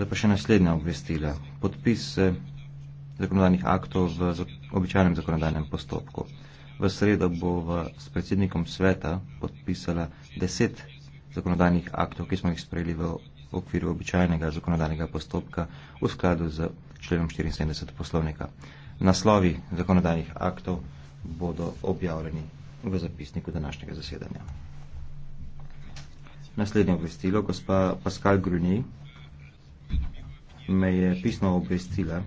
zdaj pa še naslednja obvestila. Podpis eh, zakonodajnih aktov v običajnem zakonodajnem postopku. V sredo bo s predsednikom sveta podpisala deset zakonodajnih aktov, ki smo jih sprejeli v okviru običajnega zakonodajnega postopka v skladu z členom 74 poslovnika. Naslovi zakonodajnih aktov bodo objavljeni v zapisniku današnjega zasedanja. Naslednje obvestilo, gospa Pascal Grunij me je pismo obvestila,